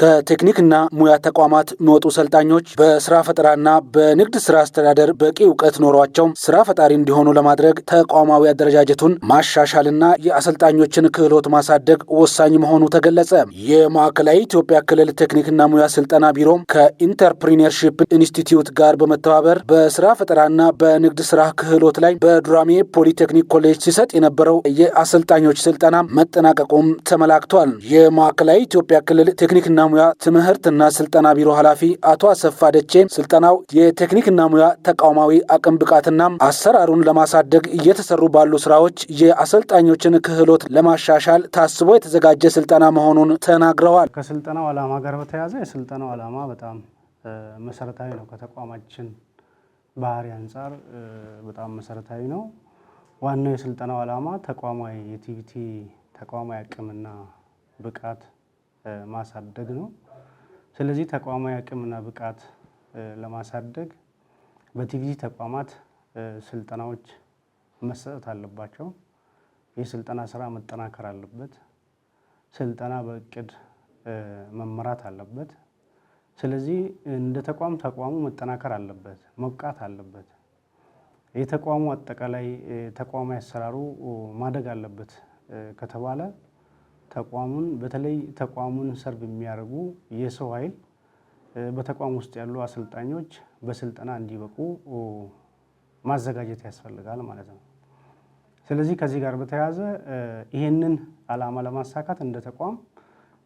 ከቴክኒክና ሙያ ተቋማት የሚወጡ ሰልጣኞች በስራ ፈጠራና በንግድ ስራ አስተዳደር በቂ እውቀት ኖሯቸው ስራ ፈጣሪ እንዲሆኑ ለማድረግ ተቋማዊ አደረጃጀቱን ማሻሻልና የአሰልጣኞችን ክህሎት ማሳደግ ወሳኝ መሆኑ ተገለጸ። የማዕከላዊ ኢትዮጵያ ክልል ቴክኒክና ሙያ ስልጠና ቢሮ ከኢንተርፕሪነርሺፕ ኢንስቲትዩት ጋር በመተባበር በስራ ፈጠራና በንግድ ስራ ክህሎት ላይ በዱራሜ ፖሊቴክኒክ ኮሌጅ ሲሰጥ የነበረው የአሰልጣኞች ስልጠና መጠናቀቁም ተመላክቷል። የማዕከላዊ ኢትዮጵያ ክልል ቴክኒክና ሙያ ትምህርትና ስልጠና ቢሮ ኃላፊ አቶ አሰፋ ደቼ ስልጠናው የቴክኒክና ሙያ ተቋማዊ አቅም ብቃትና አሰራሩን ለማሳደግ እየተሰሩ ባሉ ስራዎች የአሰልጣኞችን ክህሎት ለማሻሻል ታስቦ የተዘጋጀ ስልጠና መሆኑን ተናግረዋል። ከስልጠናው ዓላማ ጋር በተያያዘ የስልጠናው ዓላማ በጣም መሰረታዊ ነው። ከተቋማችን ባህሪ አንጻር በጣም መሰረታዊ ነው። ዋናው የስልጠናው ዓላማ ተቋማዊ የቲቪቲ ተቋማዊ አቅምና ብቃት ማሳደግ ነው። ስለዚህ ተቋማዊ አቅምና ብቃት ለማሳደግ በቲቪቲ ተቋማት ስልጠናዎች መሰጠት አለባቸው። የስልጠና ስራ መጠናከር አለበት። ስልጠና በእቅድ መመራት አለበት። ስለዚህ እንደ ተቋም ተቋሙ መጠናከር አለበት፣ መብቃት አለበት። የተቋሙ አጠቃላይ ተቋማዊ አሰራሩ ማደግ አለበት ከተባለ ተቋሙን በተለይ ተቋሙን ሰርብ የሚያደርጉ የሰው ኃይል በተቋም ውስጥ ያሉ አሰልጣኞች በስልጠና እንዲበቁ ማዘጋጀት ያስፈልጋል ማለት ነው። ስለዚህ ከዚህ ጋር በተያያዘ ይህንን ዓላማ ለማሳካት እንደ ተቋም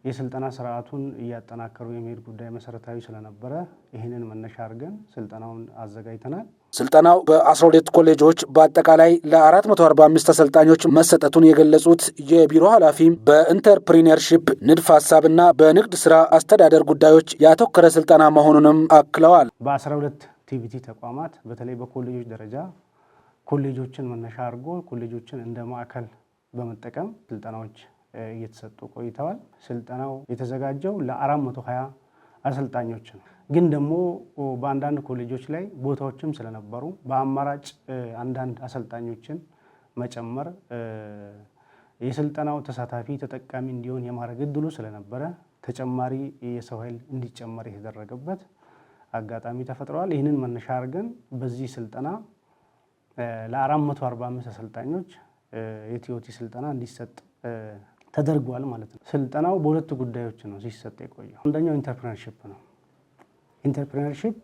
የስልጠና ስርዓቱን እያጠናከሩ የሚሄድ ጉዳይ መሰረታዊ ስለነበረ ይህንን መነሻ አድርገን ስልጠናውን አዘጋጅተናል። ስልጠናው በአስራ ሁለት ኮሌጆች በአጠቃላይ ለ445 ተሰልጣኞች መሰጠቱን የገለጹት የቢሮ ኃላፊም በኢንተርፕሪነርሺፕ ንድፍ ሀሳብና በንግድ ስራ አስተዳደር ጉዳዮች ያተኮረ ስልጠና መሆኑንም አክለዋል። በ12 ቲቪቲ ተቋማት በተለይ በኮሌጆች ደረጃ ኮሌጆችን መነሻ አድርጎ ኮሌጆችን እንደ ማዕከል በመጠቀም ስልጠናዎች እየተሰጡ ቆይተዋል። ስልጠናው የተዘጋጀው ለ420 አሰልጣኞች ነው። ግን ደግሞ በአንዳንድ ኮሌጆች ላይ ቦታዎችም ስለነበሩ በአማራጭ አንዳንድ አሰልጣኞችን መጨመር የስልጠናው ተሳታፊ ተጠቃሚ እንዲሆን የማድረግ እድሉ ስለነበረ ተጨማሪ የሰው ኃይል እንዲጨመር የተደረገበት አጋጣሚ ተፈጥረዋል። ይህንን መነሻ አድርገን በዚህ ስልጠና ለ445 አሰልጣኞች የቲዮቲ ስልጠና እንዲሰጥ ተደርጓል ማለት ነው። ስልጠናው በሁለቱ ጉዳዮች ነው ሲሰጥ የቆየው። አንደኛው ኢንተርፕረነርሺፕ ነው። ኢንተርፕረነርሺፕ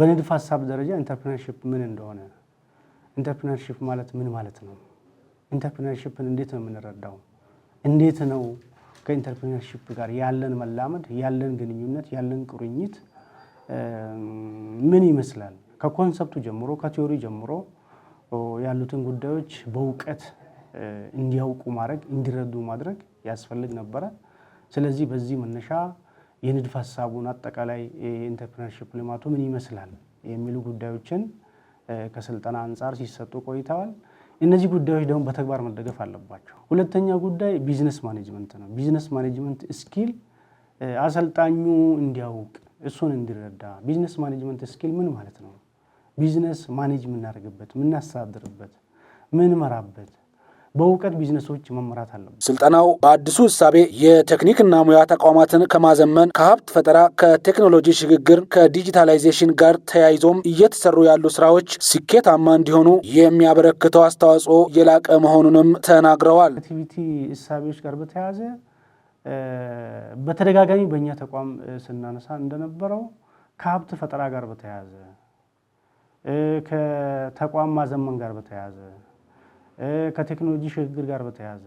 በንድፍ ሀሳብ ደረጃ ኢንተርፕረነርሺፕ ምን እንደሆነ፣ ኢንተርፕረነርሺፕ ማለት ምን ማለት ነው፣ ኢንተርፕረነርሺፕን እንዴት ነው የምንረዳው፣ እንዴት ነው ከኢንተርፕረነርሺፕ ጋር ያለን መላመድ፣ ያለን ግንኙነት፣ ያለን ቁርኝት ምን ይመስላል፣ ከኮንሰፕቱ ጀምሮ ከቲዮሪ ጀምሮ ያሉትን ጉዳዮች በእውቀት እንዲያውቁ ማድረግ እንዲረዱ ማድረግ ያስፈልግ ነበረ። ስለዚህ በዚህ መነሻ የንድፍ ሀሳቡን አጠቃላይ የኢንተርፕረነርሺፕ ልማቱ ምን ይመስላል የሚሉ ጉዳዮችን ከስልጠና አንጻር ሲሰጡ ቆይተዋል። እነዚህ ጉዳዮች ደግሞ በተግባር መደገፍ አለባቸው። ሁለተኛ ጉዳይ ቢዝነስ ማኔጅመንት ነው። ቢዝነስ ማኔጅመንት ስኪል አሰልጣኙ እንዲያውቅ እሱን እንዲረዳ። ቢዝነስ ማኔጅመንት ስኪል ምን ማለት ነው? ቢዝነስ ማኔጅ የምናደርግበት፣ የምናስተዳድርበት፣ ምንመራበት በእውቀት ቢዝነሶች መመራት አለበት። ስልጠናው በአዲሱ እሳቤ የቴክኒክና ሙያ ተቋማትን ከማዘመን ከሀብት ፈጠራ፣ ከቴክኖሎጂ ሽግግር፣ ከዲጂታላይዜሽን ጋር ተያይዞም እየተሰሩ ያሉ ስራዎች ስኬታማ እንዲሆኑ የሚያበረክተው አስተዋጽኦ የላቀ መሆኑንም ተናግረዋል። ቲቪቲ እሳቤዎች ጋር በተያያዘ በተደጋጋሚ በእኛ ተቋም ስናነሳ እንደነበረው ከሀብት ፈጠራ ጋር በተያያዘ ከተቋም ማዘመን ጋር በተያያዘ ከቴክኖሎጂ ሽግግር ጋር በተያያዘ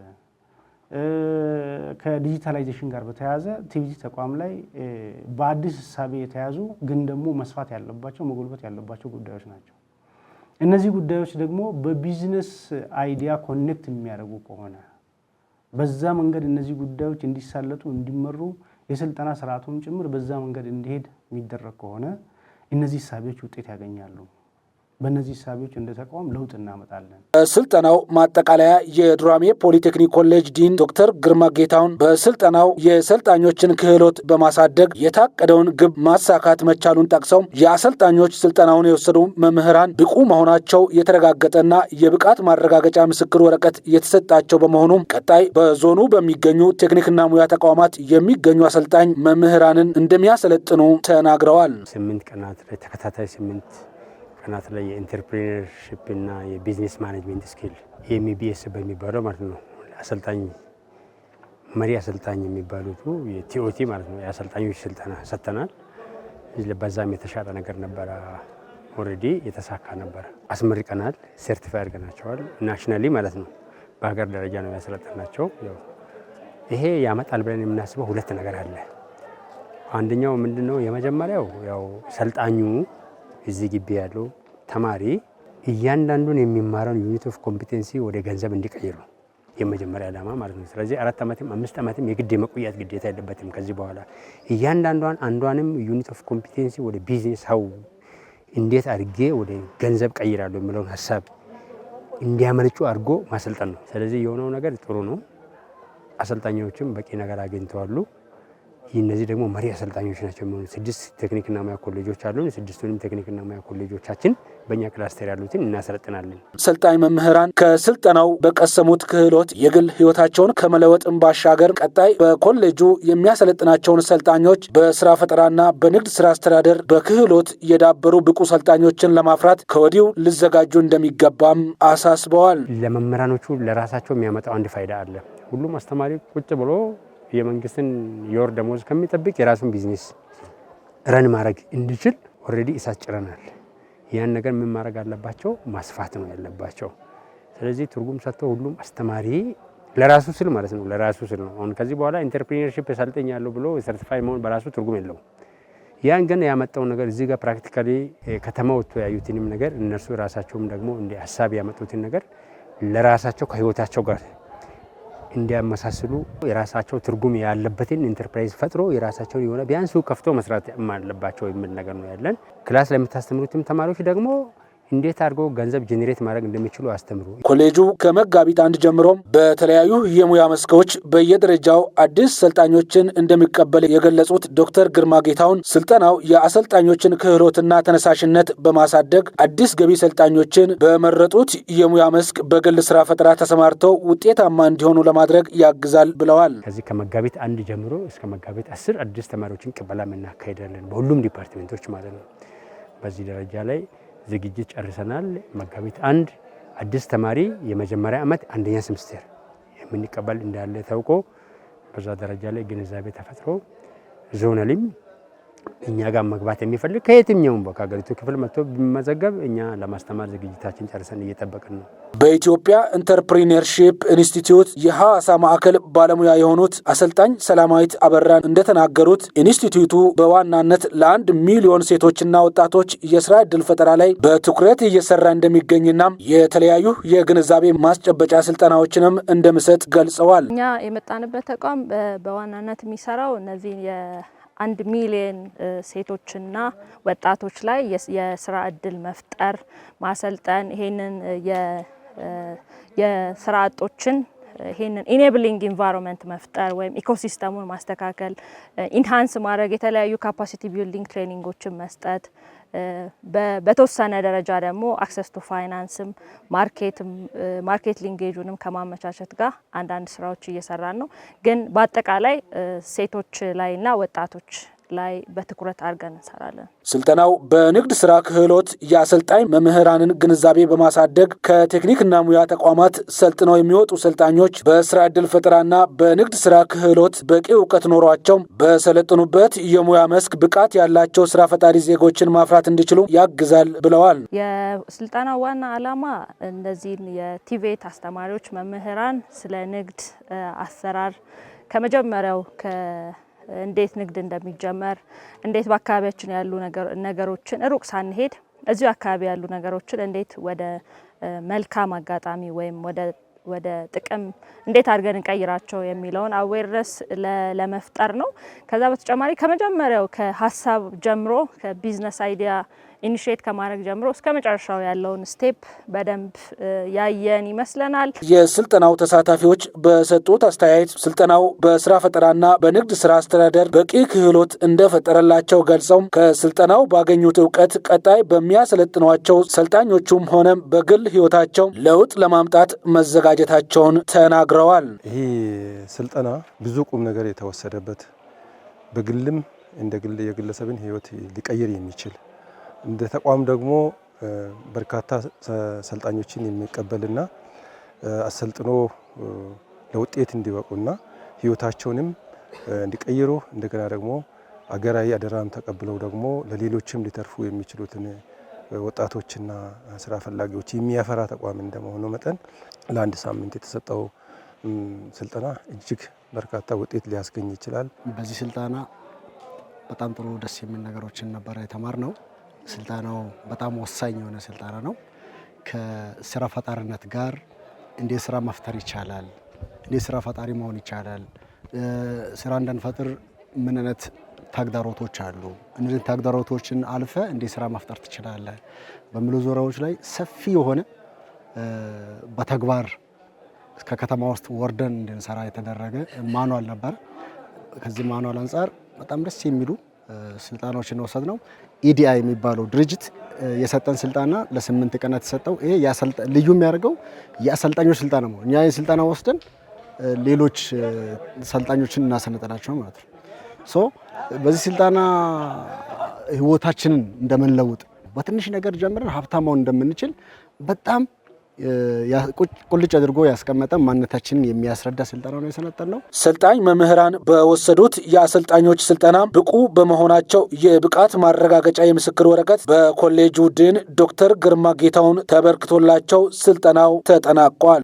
ከዲጂታላይዜሽን ጋር በተያያዘ ቲቪጂ ተቋም ላይ በአዲስ እሳቤ የተያዙ ግን ደግሞ መስፋት ያለባቸው መጎልበት ያለባቸው ጉዳዮች ናቸው። እነዚህ ጉዳዮች ደግሞ በቢዝነስ አይዲያ ኮኔክት የሚያደርጉ ከሆነ በዛ መንገድ እነዚህ ጉዳዮች እንዲሳለጡ እንዲመሩ የስልጠና ስርዓቱም ጭምር በዛ መንገድ እንዲሄድ የሚደረግ ከሆነ እነዚህ እሳቤዎች ውጤት ያገኛሉ። በእነዚህ ሳቢዎች እንደ ተቋም ለውጥ እናመጣለን። በስልጠናው ማጠቃለያ የዱራሜ ፖሊቴክኒክ ኮሌጅ ዲን ዶክተር ግርማ ጌታውን በስልጠናው የሰልጣኞችን ክህሎት በማሳደግ የታቀደውን ግብ ማሳካት መቻሉን ጠቅሰው የአሰልጣኞች ስልጠናውን የወሰዱ መምህራን ብቁ መሆናቸው የተረጋገጠና የብቃት ማረጋገጫ ምስክር ወረቀት የተሰጣቸው በመሆኑም ቀጣይ በዞኑ በሚገኙ ቴክኒክና ሙያ ተቋማት የሚገኙ አሰልጣኝ መምህራንን እንደሚያሰለጥኑ ተናግረዋል። ስምንት ቀናት ተከታታይ ስምንት ጥናት ላይ የኢንተርፕሪነርሽፕ እና የቢዝነስ ማኔጅመንት ስኪል ኤምቢኤስ በሚባለው ማለት ነው አሰልጣኝ መሪ አሰልጣኝ የሚባሉቱ የቲኦቲ ማለት ነው የአሰልጣኞች ስልጠና ሰጥተናል። በዛም የተሻለ ነገር ነበረ። ኦልሬዲ የተሳካ ነበረ። አስመርቀናል፣ ሰርቲፋይ አድርገናቸዋል። ናሽናሊ ማለት ነው በሀገር ደረጃ ነው ያሰለጠናቸው። ይሄ ያመጣል ብለን የምናስበው ሁለት ነገር አለ። አንደኛው ምንድነው የመጀመሪያው ያው ሰልጣኙ እዚህ ግቢ ያለው ተማሪ እያንዳንዱን የሚማረውን ዩኒት ኦፍ ኮምፒቴንሲ ወደ ገንዘብ እንዲቀይሩ የመጀመሪያ ዓላማ ማለት ነው። ስለዚህ አራት ዓመትም አምስት ዓመትም የግድ የመቆያት ግዴታ የለበትም። ከዚህ በኋላ እያንዳንዷን አንዷንም ዩኒት ኦፍ ኮምፒቴንሲ ወደ ቢዝነስ ሀው እንዴት አድርጌ ወደ ገንዘብ ቀይራለሁ የሚለውን ሀሳብ እንዲያመልጩ አድርጎ ማሰልጠን ነው። ስለዚህ የሆነው ነገር ጥሩ ነው። አሰልጣኞችም በቂ ነገር አግኝተዋሉ። ይህ እነዚህ ደግሞ መሪ አሰልጣኞች ናቸው የሚሆኑት። ስድስት ቴክኒክና ሙያ ኮሌጆች አሉ። ስድስቱንም ቴክኒክና ሙያ ኮሌጆቻችን በእኛ ክላስተር ያሉትን እናሰለጥናለን። ሰልጣኝ መምህራን ከስልጠናው በቀሰሙት ክህሎት የግል ህይወታቸውን ከመለወጥን ባሻገር ቀጣይ በኮሌጁ የሚያሰለጥናቸውን ሰልጣኞች በስራ ፈጠራና በንግድ ስራ አስተዳደር በክህሎት የዳበሩ ብቁ ሰልጣኞችን ለማፍራት ከወዲሁ ሊዘጋጁ እንደሚገባም አሳስበዋል። ለመምህራኖቹ ለራሳቸው የሚያመጣው አንድ ፋይዳ አለ። ሁሉም አስተማሪ ቁጭ ብሎ የመንግስትን የወር ደሞዝ ከሚጠብቅ የራሱን ቢዝነስ ረን ማድረግ እንዲችል ኦልሬዲ ጭረናል። ያን ነገር ምን ማድረግ አለባቸው? ማስፋት ነው ያለባቸው። ስለዚህ ትርጉም ሰጥቶ ሁሉም አስተማሪ ለራሱ ስል ማለት ነው ለራሱ ስል ነው። አሁን ከዚህ በኋላ ኢንተርፕሪነርሽፕ ሰልጠኝ ያለው ብሎ ሰርቲፋይ መሆን በራሱ ትርጉም የለውም። ያን ግን ያመጣው ነገር እዚህ ጋር ፕራክቲካሊ ከተማ ወጥቶ ያዩትንም ነገር እነርሱ ራሳቸውም ደግሞ እንደ ሀሳብ ያመጡትን ነገር ለራሳቸው ከህይወታቸው ጋር እንዲያመሳስሉ የራሳቸው ትርጉም ያለበትን ኢንተርፕራይዝ ፈጥሮ የራሳቸውን የሆነ ቢያንስ ከፍቶ መስራት አለባቸው የሚል ነገር ነው ያለን። ክላስ ለምታስተምሩትም ተማሪዎች ደግሞ እንዴት አድርገው ገንዘብ ጀኔሬት ማድረግ እንደሚችሉ አስተምሩ። ኮሌጁ ከመጋቢት አንድ ጀምሮም በተለያዩ የሙያ መስኮች በየደረጃው አዲስ ሰልጣኞችን እንደሚቀበል የገለጹት ዶክተር ግርማ ጌታውን ስልጠናው የአሰልጣኞችን ክህሎትና ተነሳሽነት በማሳደግ አዲስ ገቢ ሰልጣኞችን በመረጡት የሙያ መስክ በግል ስራ ፈጠራ ተሰማርተው ውጤታማ እንዲሆኑ ለማድረግ ያግዛል ብለዋል። ከዚህ ከመጋቢት አንድ ጀምሮ እስከ መጋቢት አስር አዲስ ተማሪዎችን ቅበላ እናካሄዳለን በሁሉም ዲፓርትሜንቶች ማለት ነው። በዚህ ደረጃ ላይ ዝግጅት ጨርሰናል። መጋቢት አንድ አዲስ ተማሪ የመጀመሪያ ዓመት አንደኛ ሴምስተር የምንቀበል እንዳለ ታውቆ በዛ ደረጃ ላይ ግንዛቤ ተፈጥሮ ዞናልም እኛ ጋር መግባት የሚፈልግ ከየትኛውም ከሀገሪቱ ክፍል መጥቶ ቢመዘገብ እኛ ለማስተማር ዝግጅታችን ጨርሰን እየጠበቅን ነው። በኢትዮጵያ ኢንተርፕሪነርሺፕ ኢንስቲትዩት የሐዋሳ ማዕከል ባለሙያ የሆኑት አሰልጣኝ ሰላማዊት አበራን እንደተናገሩት ኢንስቲትዩቱ በዋናነት ለአንድ ሚሊዮን ሴቶችና ወጣቶች የስራ ዕድል ፈጠራ ላይ በትኩረት እየሰራ እንደሚገኝና የተለያዩ የግንዛቤ ማስጨበጫ ስልጠናዎችንም እንደምሰጥ ገልጸዋል። እኛ የመጣንበት ተቋም በዋናነት የሚሰራው እነዚህ አንድ ሚሊየን ሴቶችና ወጣቶች ላይ የስራ እድል መፍጠር፣ ማሰልጠን ይሄንን የስራ አጦችን ይሄንን ኢኔብሊንግ ኢንቫይሮንመንት መፍጠር ወይም ኢኮሲስተሙን ማስተካከል ኢንሃንስ ማድረግ የተለያዩ ካፓሲቲ ቢልዲንግ ትሬኒንጎችን መስጠት በተወሰነ ደረጃ ደግሞ አክሰስ ቱ ፋይናንስም ማርኬትም ማርኬት ሊንጌጁንም ከማመቻቸት ጋር አንዳንድ ስራዎች እየሰራን ነው። ግን በአጠቃላይ ሴቶች ላይና ወጣቶች ላይ በትኩረት አድርገን እንሰራለን። ስልጠናው በንግድ ስራ ክህሎት የአሰልጣኝ መምህራንን ግንዛቤ በማሳደግ ከቴክኒክና ሙያ ተቋማት ሰልጥነው የሚወጡ ሰልጣኞች በስራ ዕድል ፈጠራና በንግድ ስራ ክህሎት በቂ እውቀት ኖሯቸው በሰለጠኑበት የሙያ መስክ ብቃት ያላቸው ስራ ፈጣሪ ዜጎችን ማፍራት እንዲችሉ ያግዛል ብለዋል። የስልጠናው ዋና ዓላማ እነዚህን የቲቬት አስተማሪዎች መምህራን ስለ ንግድ አሰራር ከመጀመሪያው እንዴት ንግድ እንደሚጀመር እንዴት በአካባቢያችን ያሉ ነገሮችን ሩቅ ሳንሄድ እዚሁ አካባቢ ያሉ ነገሮችን እንዴት ወደ መልካም አጋጣሚ ወይም ወደ ጥቅም እንዴት አድርገን እንቀይራቸው የሚለውን አዌርነስ ለመፍጠር ነው። ከዛ በተጨማሪ ከመጀመሪያው ከሀሳብ ጀምሮ ከቢዝነስ አይዲያ ኢኒሽት ከማድረግ ጀምሮ እስከ መጨረሻው ያለውን ስቴፕ በደንብ ያየን ይመስለናል። የስልጠናው ተሳታፊዎች በሰጡት አስተያየት ስልጠናው በስራ ፈጠራና በንግድ ስራ አስተዳደር በቂ ክህሎት እንደፈጠረላቸው ገልጸው ከስልጠናው ባገኙት እውቀት ቀጣይ በሚያሰለጥኗቸው ሰልጣኞቹም ሆነ በግል ህይወታቸው ለውጥ ለማምጣት መዘጋጀታቸውን ተናግረዋል። ይህ ስልጠና ብዙ ቁም ነገር የተወሰደበት በግልም እንደ የግለሰብን ህይወት ሊቀይር የሚችል እንደ ተቋም ደግሞ በርካታ ሰልጣኞችን የሚቀበልና አሰልጥኖ ለውጤት እንዲበቁና ህይወታቸውንም እንዲቀይሩ እንደገና ደግሞ አገራዊ አደራም ተቀብለው ደግሞ ለሌሎችም ሊተርፉ የሚችሉትን ወጣቶችና ስራ ፈላጊዎች የሚያፈራ ተቋም እንደመሆኑ መጠን ለአንድ ሳምንት የተሰጠው ስልጠና እጅግ በርካታ ውጤት ሊያስገኝ ይችላል። በዚህ ስልጠና በጣም ጥሩ ደስ የሚል ነገሮችን ነበረ የተማር ነው። ስልጠናው በጣም ወሳኝ የሆነ ስልጠና ነው። ከስራ ፈጣሪነት ጋር እንዴት ስራ መፍጠር ይቻላል፣ እንዴት ስራ ፈጣሪ መሆን ይቻላል፣ ስራ እንዳንፈጥር ምን አይነት ተግዳሮቶች አሉ፣ እነዚህ ተግዳሮቶችን አልፈ እንዴት ስራ መፍጠር ትችላለህ በሚሉ ዙሪያዎች ላይ ሰፊ የሆነ በተግባር እስከ ከተማ ውስጥ ወርደን እንድንሰራ የተደረገ ማኗል ነበር። ከዚህ ማኗል አንጻር በጣም ደስ የሚሉ ስልጣናዎችን ወሰድ ነው። ኢዲአይ የሚባለው ድርጅት የሰጠን ስልጣና ለስምንት ቀናት የሰጠው ይሄ ልዩ የሚያደርገው የአሰልጣኞች ስልጣና ነው። እኛ ስልጣና ወስደን ሌሎች ሰልጣኞችን እናሰነጠናቸው ማለት ነው። ሶ በዚህ ስልጣና ህይወታችንን እንደምንለውጥ በትንሽ ነገር ጀምረን ሀብታማውን እንደምንችል በጣም ቁልጭ አድርጎ ያስቀመጠ ማንነታችንን የሚያስረዳ ስልጠና ነው የሰለጠን ነው። ሰልጣኝ መምህራን በወሰዱት የአሰልጣኞች ስልጠና ብቁ በመሆናቸው የብቃት ማረጋገጫ የምስክር ወረቀት በኮሌጁ ድን ዶክተር ግርማ ጌታውን ተበርክቶላቸው ስልጠናው ተጠናቋል።